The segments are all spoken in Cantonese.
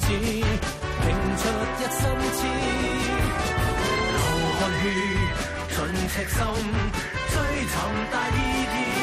只拼出一身痴，流汗血，盡赤心，追尋大意義。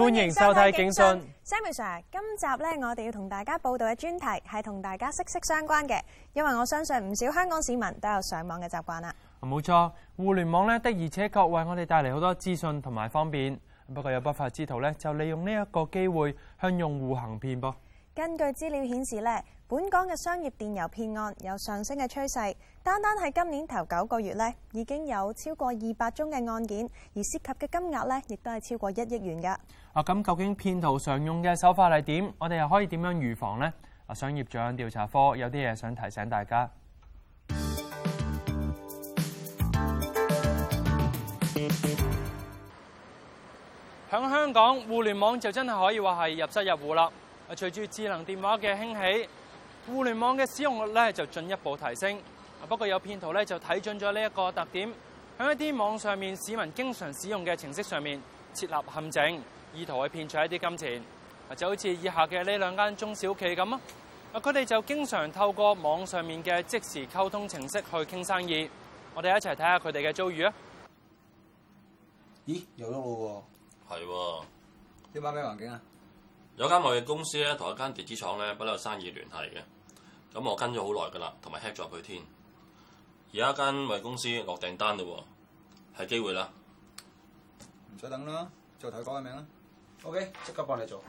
歡迎收睇警訊。Samuel Sir，今集咧，我哋要同大家報道嘅專題係同大家息息相關嘅，因為我相信唔少香港市民都有上網嘅習慣啦。冇錯，互聯網咧，的而且確為我哋帶嚟好多資訊同埋方便，不過有不法之徒咧就利用呢一個機會向用戶行騙噃。根據資料顯示咧，本港嘅商業電郵騙案有上升嘅趨勢。單單係今年頭九個月咧，已經有超過二百宗嘅案件，而涉及嘅金額咧，亦都係超過一億元噶。啊，咁究竟騙徒常用嘅手法係點？我哋又可以點樣預防呢？啊，商業罪案調查科有啲嘢想提醒大家。響香港，互聯網就真係可以話係入室入戶啦。隨住智能電話嘅興起，互聯網嘅使用率咧就進一步提升。不過有騙徒咧就睇準咗呢一個特點，喺一啲網上面市民經常使用嘅程式上面設立陷阱，意圖去騙取一啲金錢。就好似以下嘅呢兩間中小企咁啊，佢哋就經常透過網上面嘅即時溝通程式去傾生意。我哋一齊睇下佢哋嘅遭遇啊！咦，有碌路喎，係喎、啊，呢班咩環境啊？有間貿易公司咧，同一間電子廠咧，不嬲有生意聯繫嘅。咁我跟咗好耐噶啦，同埋 hack 咗佢添。而家一間貿易公司落訂單嘞，係機會啦。唔使等啦，就睇講個名啦。O K，即刻幫你做。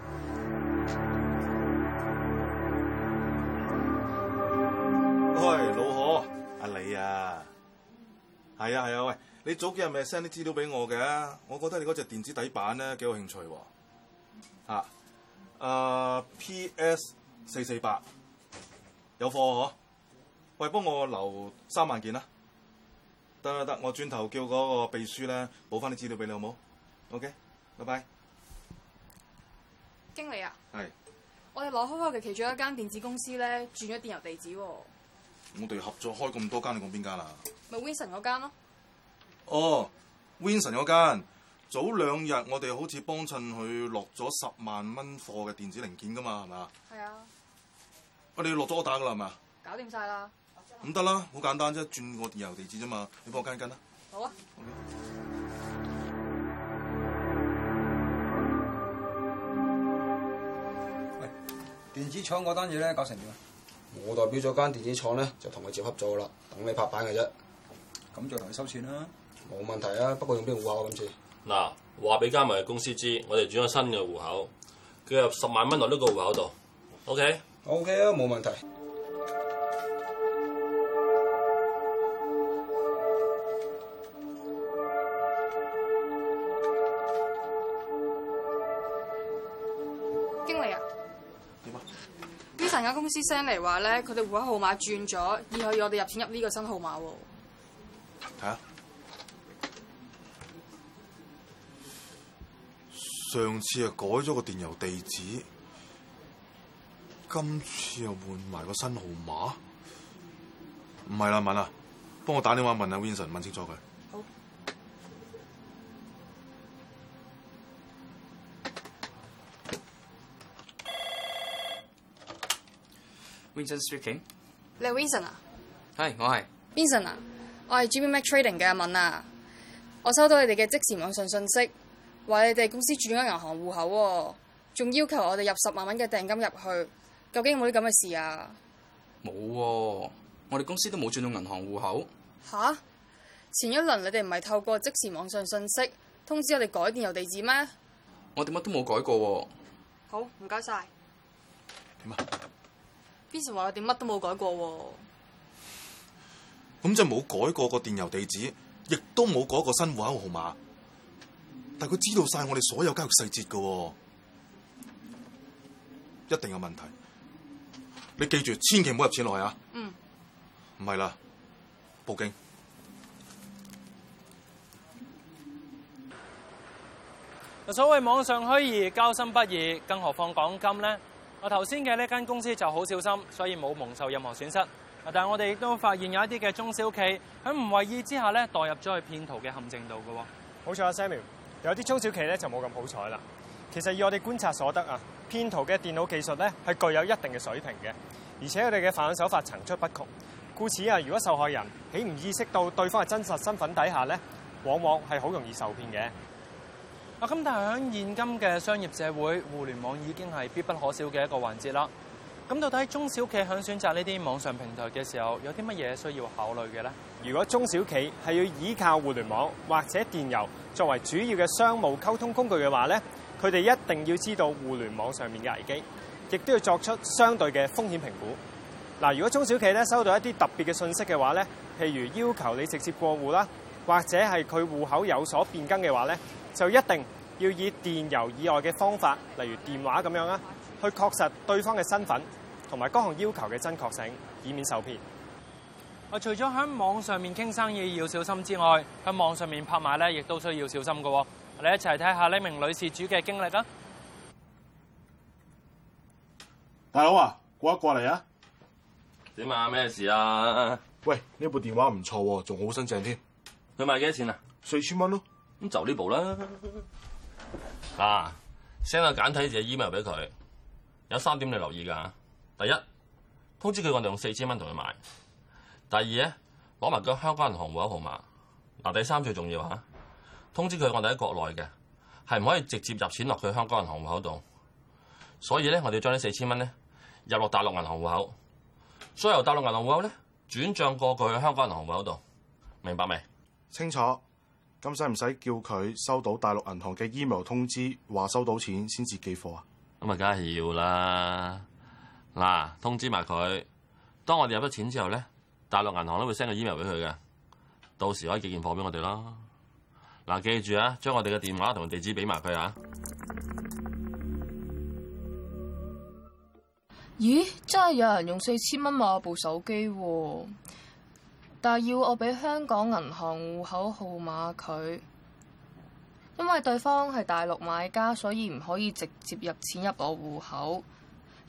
喂，老何，阿李啊，係啊係啊。喂，你早幾日咪 send 啲資料俾我嘅？我覺得你嗰隻電子底板咧，幾有興趣吓。啊啊，PS 四四八有貨嗬，喂，幫我留三萬件啦，得得得，我轉頭叫嗰個秘書咧補翻啲資料俾你好唔好？OK，拜拜。經理啊，係，我哋攞開嘅其中一間電子公司咧，轉咗電郵地址啊。我哋合作開咁多間，你講邊間啊？咪 Winson 嗰間咯。哦，Winson 嗰間。早兩日，我哋好似幫襯佢落咗十萬蚊貨嘅電子零件㗎嘛，係咪？係啊。喂，你落咗我打㗎啦，係咪啊？搞掂晒啦。咁得啦，好簡單啫，轉個電郵地址啫嘛。你幫我跟一跟啦。好啊好。喂，電子廠嗰單嘢咧，搞成點啊？我代表咗間電子廠咧，就同佢接洽咗啦，等你拍板嘅啫。咁就同你收錢啦。冇問題啊，不過用邊個戶口咁、啊、今次？嗱，話俾加埋公司知，我哋轉咗新嘅戶口，佢入十萬蚊落呢個戶口度。O K？O K 啊，冇、okay，問題。經理啊，點啊？啲成間公司 send 嚟話咧，佢哋戶口號碼轉咗，以後要我哋入錢入呢個新號碼喎。嚇？上次係改咗個電郵地址，今次又換埋個新號碼，唔係啦，敏啊，幫我打電話問阿 Vincent 問清楚佢。好。Vincent，speaking。你係 Vincent 啊。係，我係。Vincent 啊，我係 G B Mac Trading 嘅敏啊，我收到你哋嘅即時網上訊息。話你哋公司轉咗銀行戶口，仲要求我哋入十萬蚊嘅訂金入去，究竟有冇啲咁嘅事啊？冇，我哋公司都冇轉到銀行戶口。吓、啊，前一輪你哋唔係透過即時網上信息通知我哋改電郵地址咩？我哋乜都冇改過、啊。好，唔該晒。點啊？邊成話我哋乜都冇改過？咁即係冇改過個電郵地址，亦都冇改過個新戶口號碼。但佢知道晒我哋所有交易細節嘅，一定有問題。你記住，千祈唔好入錢落去啊！嗯，唔係啦，報警。所謂網上虛擬交心不易，更何況講金呢？我頭先嘅呢間公司就好小心，所以冇蒙受任何損失。但係我哋亦都發現有一啲嘅中小企喺唔為意之下咧，代入咗去騙徒嘅陷阱度嘅。冇錯，阿、啊、Samuel。有啲中小企咧就冇咁好彩啦。其實以我哋觀察所得啊，騙徒嘅電腦技術咧係具有一定嘅水平嘅，而且佢哋嘅犯案手法層出不窮。故此啊，如果受害人起唔意識到對方嘅真實身份底下咧，往往係好容易受騙嘅。啊，咁但係喺現今嘅商業社會，互聯網已經係必不可少嘅一個環節啦。咁到底中小企喺選擇呢啲網上平台嘅時候，有啲乜嘢需要考慮嘅咧？如果中小企係要依靠互聯網或者電郵作為主要嘅商務溝通工具嘅話咧，佢哋一定要知道互聯網上面嘅危機，亦都要作出相對嘅風險評估。嗱，如果中小企咧收到一啲特別嘅信息嘅話咧，譬如要求你直接過戶啦，或者係佢戶口有所變更嘅話咧，就一定要以電郵以外嘅方法，例如電話咁樣啊，去確實對方嘅身份同埋各項要求嘅真確性，以免受騙。我除咗喺網上面傾生意要小心之外，喺網上面拍賣咧，亦都需要小心噶。我哋一齊睇下呢名女事主嘅經歷啊！大佬啊，過一過嚟啊？點啊？咩事啊？喂，呢部電話唔錯喎，仲好新淨添。佢賣幾多錢啊？四千蚊咯。咁就呢部啦。嗱，send 個簡體字 email 俾佢，有三點你留意噶。第一，通知佢我哋用四千蚊同佢買。第二咧，攞埋個香港銀行戶口號碼。嗱，第三最重要嚇，通知佢我哋喺國內嘅，係唔可以直接入錢落去香港銀行戶口度。所以咧，我哋將呢四千蚊咧入落大陸銀行戶口，所以由大陸銀行戶口咧轉帳過去香港銀行戶口度。明白未？清楚。咁使唔使叫佢收到大陸銀行嘅 email 通知，話收到錢先至寄貨啊？咁啊，梗係要啦。嗱，通知埋佢。當我哋入咗錢之後咧。大陸銀行都會 send 個 email 俾佢嘅，到時可以寄件貨俾我哋咯。嗱，記住啊，將我哋嘅電話同地址俾埋佢啊。咦，真係有人用四千蚊買部手機喎，啊，但係要我俾香港銀行戶口號碼佢，因為對方係大陸買家，所以唔可以直接入錢入我戶口，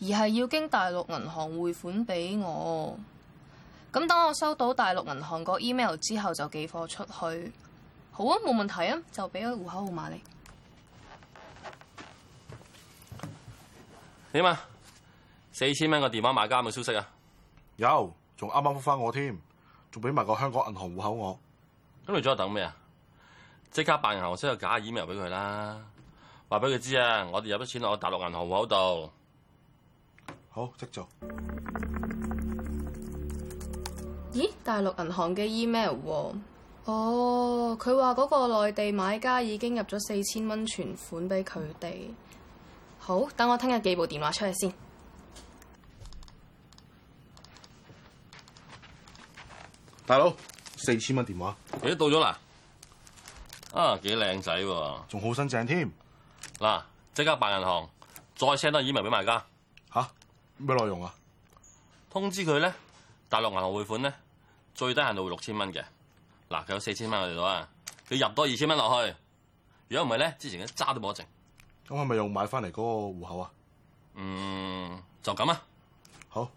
而係要經大陸銀行匯款俾我。咁當我收到大陸銀行個 email 之後，就寄貨出去。好啊，冇問題啊，就俾個戶口號碼你。點啊？四千蚊個電話買家有冇消息啊？有，仲啱啱復翻我添，仲俾埋個香港銀行戶口我。咁你仲喺度等咩啊？即刻辦銀行出個假 email 俾佢啦，話俾佢知啊，我哋有筆錢落我大陸銀行戶口度。好，即做。咦，大陸銀行嘅 email 喎？哦，佢話嗰個內地買家已經入咗四千蚊存款俾佢哋。好，等我聽日寄部電話出嚟先。大佬，四千蚊電話，你、欸、都到咗啦。啊，幾靚仔喎，仲好新淨添。嗱、啊，即刻辦銀行，再 send 多 email 俾買家。吓、啊，咩內容啊？通知佢咧，大陸銀行匯款咧。最低限度會六千蚊嘅，嗱，佢有四千蚊喺度啊，佢入多二千蚊落去，如果唔係咧，之前一揸都冇得剩。咁係咪又買翻嚟嗰個戶口啊？嗯，就咁啊，好。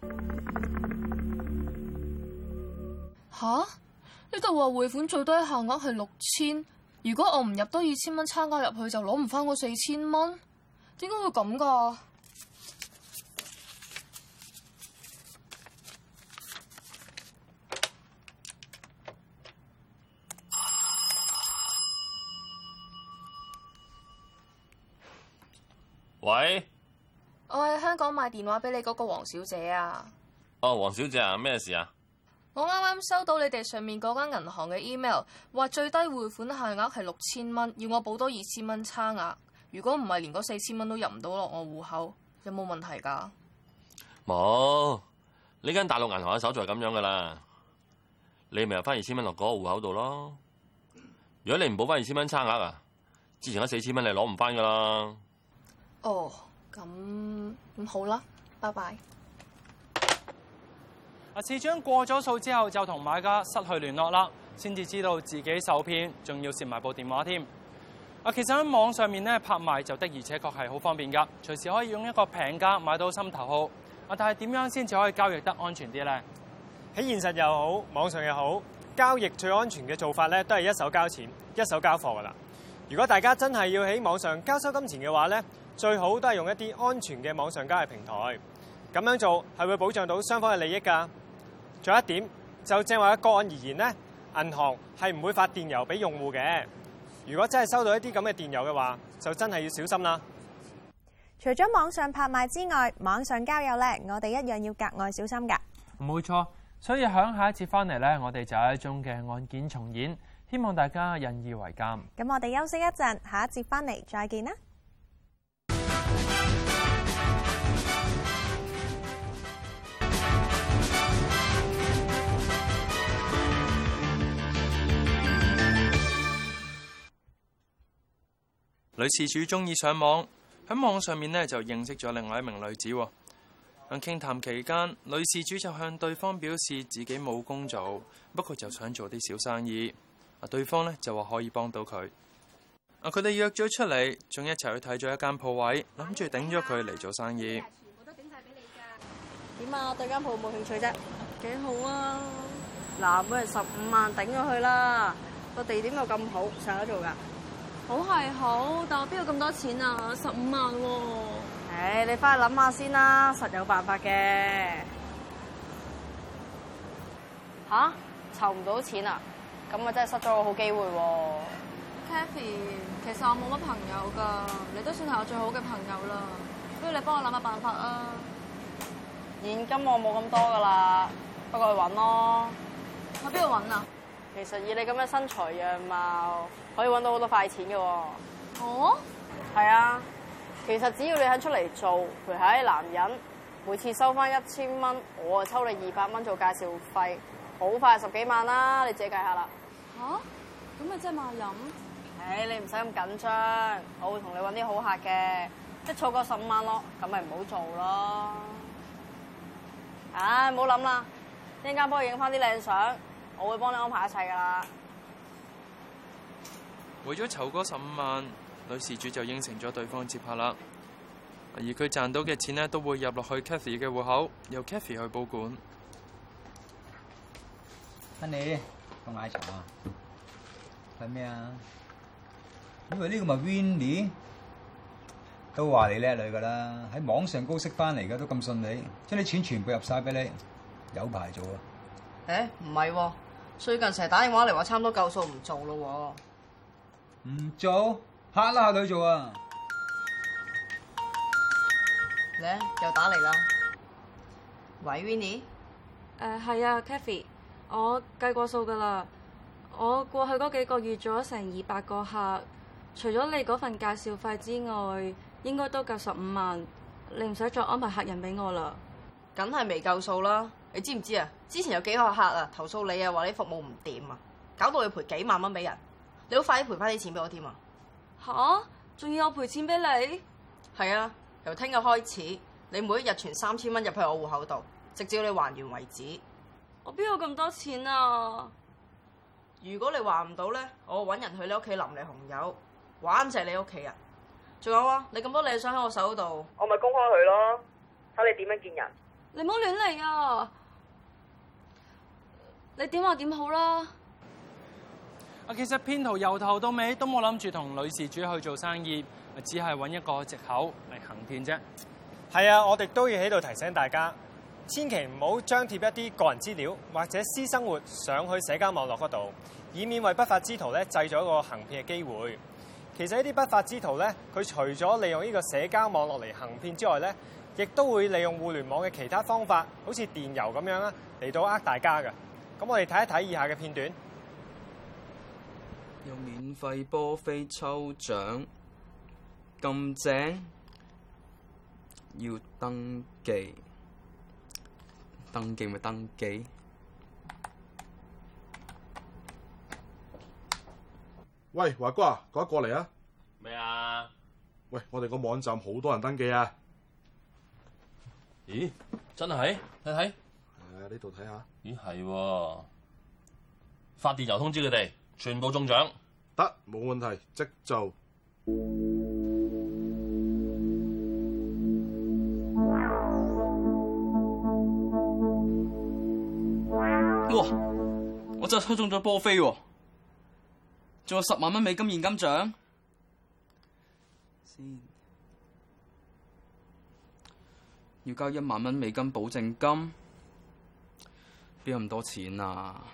吓，呢度話匯款最低限額係六千，如果我唔入多二千蚊參加入去，就攞唔翻嗰四千蚊，點解會咁噶？喂，我係香港買電話俾你嗰個黃小姐啊。哦，黃小姐啊，咩事啊？我啱啱收到你哋上面嗰間銀行嘅 email，話最低匯款限額係六千蚊，要我補多二千蚊差額。如果唔係，連嗰四千蚊都入唔到落我戶口，有冇問題噶？冇，呢間大陸銀行嘅手續係咁樣噶啦。你咪入翻二千蚊落嗰個戶口度咯。如果你唔補翻二千蚊差額啊，之前嗰四千蚊你攞唔翻噶啦。哦，咁咁好啦，拜拜。啊，事主過咗數之後就同買家失去聯絡啦，先至知道自己受騙，仲要蝕埋部電話添。啊，其實喺網上面咧拍賣就的而且確係好方便噶，隨時可以用一個平價買到心頭好。啊，但係點樣先至可以交易得安全啲呢？喺現實又好，網上又好，交易最安全嘅做法咧都係一手交錢，一手交貨噶啦。如果大家真係要喺網上交收金錢嘅話咧，最好都係用一啲安全嘅網上交易平台，咁樣做係會保障到雙方嘅利益㗎。仲有一點，就正話一個案而言咧，銀行係唔會發電郵俾用戶嘅。如果真係收到一啲咁嘅電郵嘅話，就真係要小心啦。除咗網上拍賣之外，網上交友呢，我哋一樣要格外小心㗎。冇錯，所以響下一節翻嚟呢，我哋就有一宗嘅案件重演，希望大家引以為鑑。咁我哋休息一陣，下一節翻嚟再見啦。女事主中意上網，喺網上面呢就認識咗另外一名女子。喺傾談期間，女事主就向對方表示自己冇工做，不過就想做啲小生意。啊，對方呢就話可以幫到佢。啊，佢哋約咗出嚟，仲一齊去睇咗一間鋪位，諗住頂咗佢嚟做生意。都頂晒俾你噶！點啊？我對間鋪冇興趣啫。幾好啊！嗱，每人十五萬頂咗佢啦。個地點又咁好，上得做噶。你好，但我邊度咁多錢啊？十五萬喎、哦！唉、欸，你翻去諗下先啦，實有辦法嘅。吓、啊，籌唔到錢啊？咁啊真係失咗個好機會、啊。Cathy，其實我冇乜朋友噶，你都算係我最好嘅朋友啦。不如你幫我諗下辦法啊？現金我冇咁多噶啦，不過去搵咯。去邊度搵啊？其實以你咁嘅身材樣貌。可以揾到好多快錢嘅喎、哦。哦。係啊。其實只要你肯出嚟做，陪下啲男人，每次收翻一千蚊，我啊抽你二百蚊做介紹費，好快十幾萬啦，你自己計下啦。吓、啊？咁咪即係賣淫？唉、哎，你唔使咁緊張，我會同你揾啲好客嘅，一儲過十五萬咯，咁咪唔好做咯。唉、哎，唔好諗啦，陣間幫我影翻啲靚相，我會幫你安排一切噶啦。為咗籌嗰十五萬，女事主就應承咗對方接客啦。而佢賺到嘅錢咧，都會入落去 Cathy 嘅戶口，由 Cathy 去保管。Nene，凍茶啊？係咩啊？因為呢個咪 Vinny 都話你叻女噶啦，喺網上高息翻嚟嘅都咁順利，將啲錢全部入晒俾你，有排做、欸、是啊？誒，唔係，最近成日打電話嚟話，差唔多夠數唔做咯、啊。唔做，黑拉下佢做啊！你又打嚟啦，喂，Winnie？誒，係、呃、啊，Kathy，我計過數噶啦，我過去嗰幾個月做咗成二百個客，除咗你嗰份介紹費之外，應該都夠十五萬。你唔使再安排客人俾我啦，梗係未夠數啦！你知唔知啊？之前有幾個客啊投訴你啊，話你服務唔掂啊，搞到要賠幾萬蚊俾人。你都快啲賠翻啲錢俾我添啊！吓、啊，仲要我賠錢俾你？係啊，由聽日開始，你每一日存三千蚊入去我戶口度，直至你還完為止。我邊有咁多錢啊？如果你還唔到咧，我搵人去你屋企淋你紅油，玩實你屋企人啊！仲有啊，你咁多靚相喺我手度，我咪公開佢咯，睇你點樣見人。你唔好亂嚟啊！你點話點好啦，啊？啊，其實騙徒由頭到尾都冇諗住同女事主去做生意，只係揾一個藉口嚟行騙啫。係啊，我哋都要喺度提醒大家，千祈唔好張貼一啲個人資料或者私生活上去社交網絡嗰度，以免為不法之徒咧製造一個行騙嘅機會。其實一啲不法之徒咧，佢除咗利用呢個社交網絡嚟行騙之外咧，亦都會利用互聯網嘅其他方法，好似電郵咁樣啊，嚟到呃大家嘅。咁我哋睇一睇以下嘅片段。有免費波飛抽獎咁正，要登記，登記咪登記。喂，華哥啊，快過嚟啊！咩啊？喂，我哋個網站好多人登記啊！咦，真係？睇睇，係啊，喺呢度睇下。咦，係啊。發電郵通知佢哋。全部中獎，得冇問題，即就。哇！我真係抽中咗波飛，啊，仲有十萬蚊美金現金獎。先要交一萬蚊美金保證金，邊有咁多錢啊？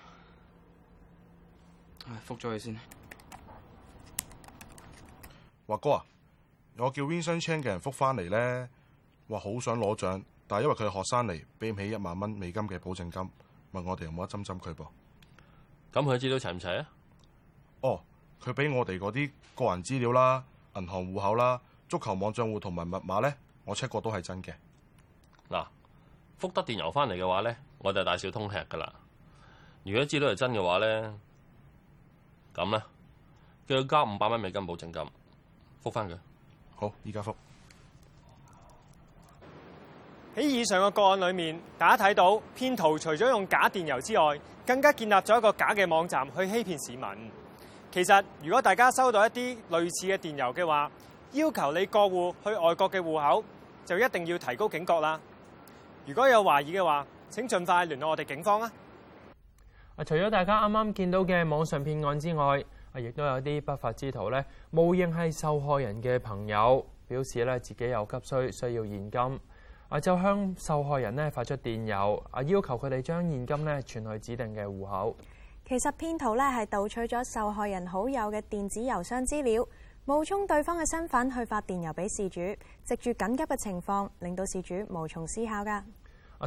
唉，覆咗佢先，華哥啊！我叫 Winson Cheng 嘅人覆翻嚟咧，話好想攞獎，但係因為佢係學生嚟，俾唔起一萬蚊美金嘅保證金，問我哋有冇得針針佢噃。咁佢知道齊唔齊啊？哦，佢俾我哋嗰啲個人資料啦、銀行戶口啦、足球網賬戶同埋密碼咧，我 check 過都係真嘅。嗱，覆得電郵翻嚟嘅話咧，我就大小通吃噶啦。如果知道係真嘅話咧。咁啦，叫佢交五百蚊美金保證金，覆翻佢。好，而家覆喺以上嘅個案裏面，大家睇到，騙徒除咗用假電郵之外，更加建立咗一個假嘅網站去欺騙市民。其實，如果大家收到一啲類似嘅電郵嘅話，要求你過戶去外國嘅戶口，就一定要提高警覺啦。如果有懷疑嘅話，請盡快聯絡我哋警方啊！除咗大家啱啱見到嘅網上騙案之外，啊，亦都有啲不法之徒呢，冒認係受害人嘅朋友，表示咧自己有急需需要現金，啊就向受害人呢發出電郵，啊要求佢哋將現金呢傳去指定嘅戶口。其實騙徒呢係盜取咗受害人好友嘅電子郵箱資料，冒充對方嘅身份去發電郵俾事主，藉住緊急嘅情況，令到事主無從思考噶。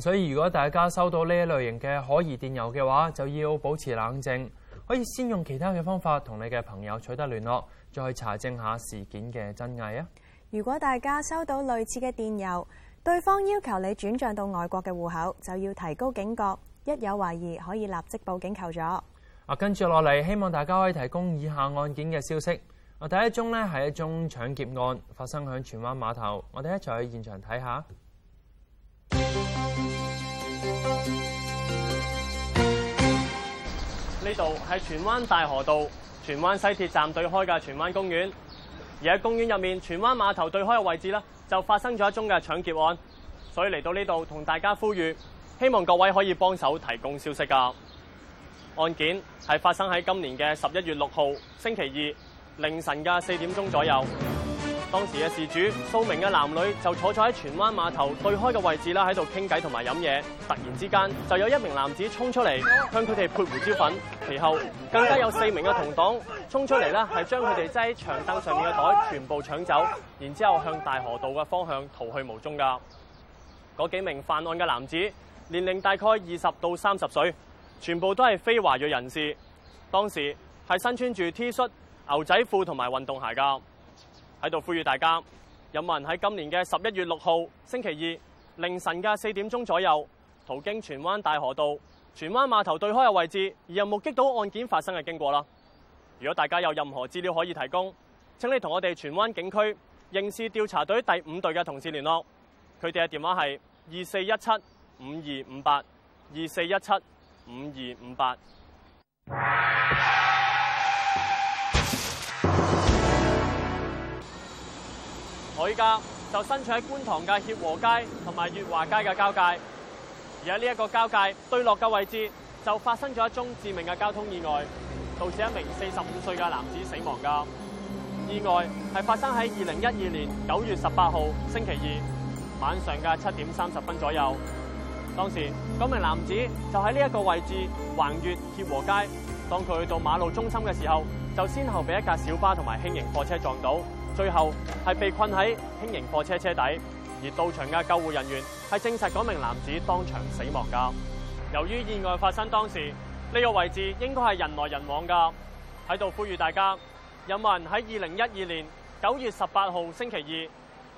所以如果大家收到呢一類型嘅可疑電郵嘅話，就要保持冷靜，可以先用其他嘅方法同你嘅朋友取得聯絡，再去查證下事件嘅真偽啊！如果大家收到類似嘅電郵，對方要求你轉賬到外國嘅戶口，就要提高警覺，一有懷疑可以立即報警求助。啊，跟住落嚟，希望大家可以提供以下案件嘅消息。啊，第一宗呢，係一宗搶劫案，發生響荃灣碼頭，我哋一齊去現場睇下。呢度係荃灣大河道，荃灣西鐵站對開嘅荃灣公園，而喺公園入面，荃灣碼頭對開嘅位置咧，就發生咗一宗嘅搶劫案，所以嚟到呢度同大家呼籲，希望各位可以幫手提供消息㗎。案件係發生喺今年嘅十一月六號星期二凌晨嘅四點鐘左右。當時嘅事主數名嘅男女就坐咗喺荃灣碼頭對開嘅位置啦，喺度傾偈同埋飲嘢。突然之間就有一名男子衝出嚟向佢哋潑胡椒粉，其後更加有四名嘅同黨衝出嚟啦，係將佢哋擠喺長凳上面嘅袋全部搶走，然之後向大河道嘅方向逃去無蹤噶。嗰幾名犯案嘅男子年齡大概二十到三十歲，全部都係非華裔人士，當時係身穿住 T 恤、牛仔褲同埋運動鞋噶。喺度呼籲大家，有冇人喺今年嘅十一月六號星期二凌晨嘅四點鐘左右，途經荃灣大河道、荃灣碼頭對開嘅位置，而又目擊到案件發生嘅經過啦？如果大家有任何資料可以提供，請你同我哋荃灣警區刑事調查隊第五隊嘅同事聯絡，佢哋嘅電話係二四一七五二五八，二四一七五二五八。 我依家就身處喺觀塘嘅協和街同埋月華街嘅交界，而喺呢一個交界對落嘅位置就發生咗一宗致命嘅交通意外，導致一名四十五歲嘅男子死亡。噶意外係發生喺二零一二年九月十八號星期二晚上嘅七點三十分左右。當時嗰名男子就喺呢一個位置橫越協和街，當佢去到馬路中心嘅時候，就先後被一架小巴同埋輕型貨車撞到。最後係被困喺輕型貨車車底，而到場嘅救護人員係證實嗰名男子當場死亡噶。由於意外發生當時呢個位置應該係人來人往噶，喺度呼籲大家，有冇人喺二零一二年九月十八號星期二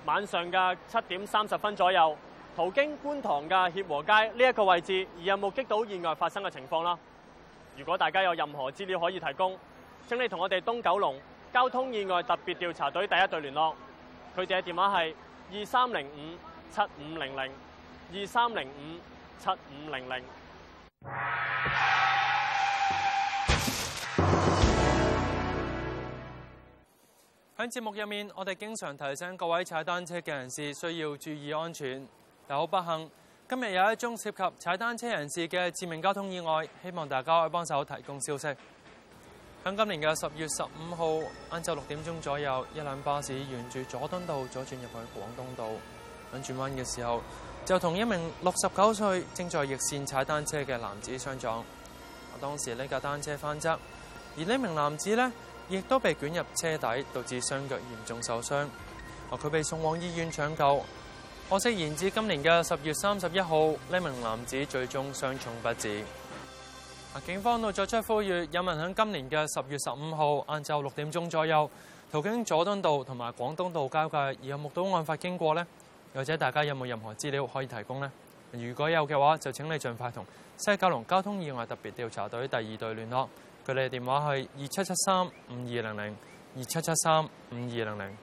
晚上嘅七點三十分左右途經觀塘嘅協和街呢一個位置而有目擊到意外發生嘅情況啦。如果大家有任何資料可以提供，請你同我哋東九龍。交通意外特別調查隊第一隊聯絡，佢哋嘅電話係二三零五七五零零，二三零五七五零零。喺節目入面，我哋經常提醒各位踩單車嘅人士需要注意安全。但好不幸，今日有一宗涉及踩單車人士嘅致命交通意外，希望大家可以幫手提供消息。喺今年嘅十月十五號晏晝六點鐘左右，一輛巴士沿住佐敦道左轉入去廣東道，喺轉彎嘅時候就同一名六十九歲正在逆綫踩單車嘅男子相撞。當時呢架單車翻側，而呢名男子咧亦都被捲入車底，導致雙腳嚴重受傷。佢被送往醫院搶救，可惜延至今年嘅十月三十一號，呢名男子最終傷重不治。警方都作出呼籲，有民喺今年嘅十月十五號晏晝六點鐘左右，途經佐敦道同埋廣東道交界，而目睹案發經過呢，或者大家有冇任何資料可以提供咧？如果有嘅話，就請你盡快同西九龍交通意外特別調查隊第二隊聯絡，佢哋嘅電話係二七七三五二零零二七七三五二零零。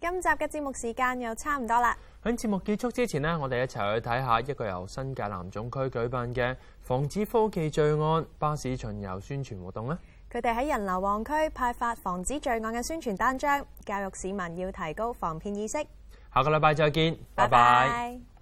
今集嘅節目時間又差唔多啦。喺節目結束之前呢，我哋一齊去睇下一個由新界南總區舉辦嘅防止科技罪案巴士巡遊宣傳活動咧。佢哋喺人流旺區派發防止罪案嘅宣傳單張，教育市民要提高防騙意識。下個禮拜再見，拜拜。Bye bye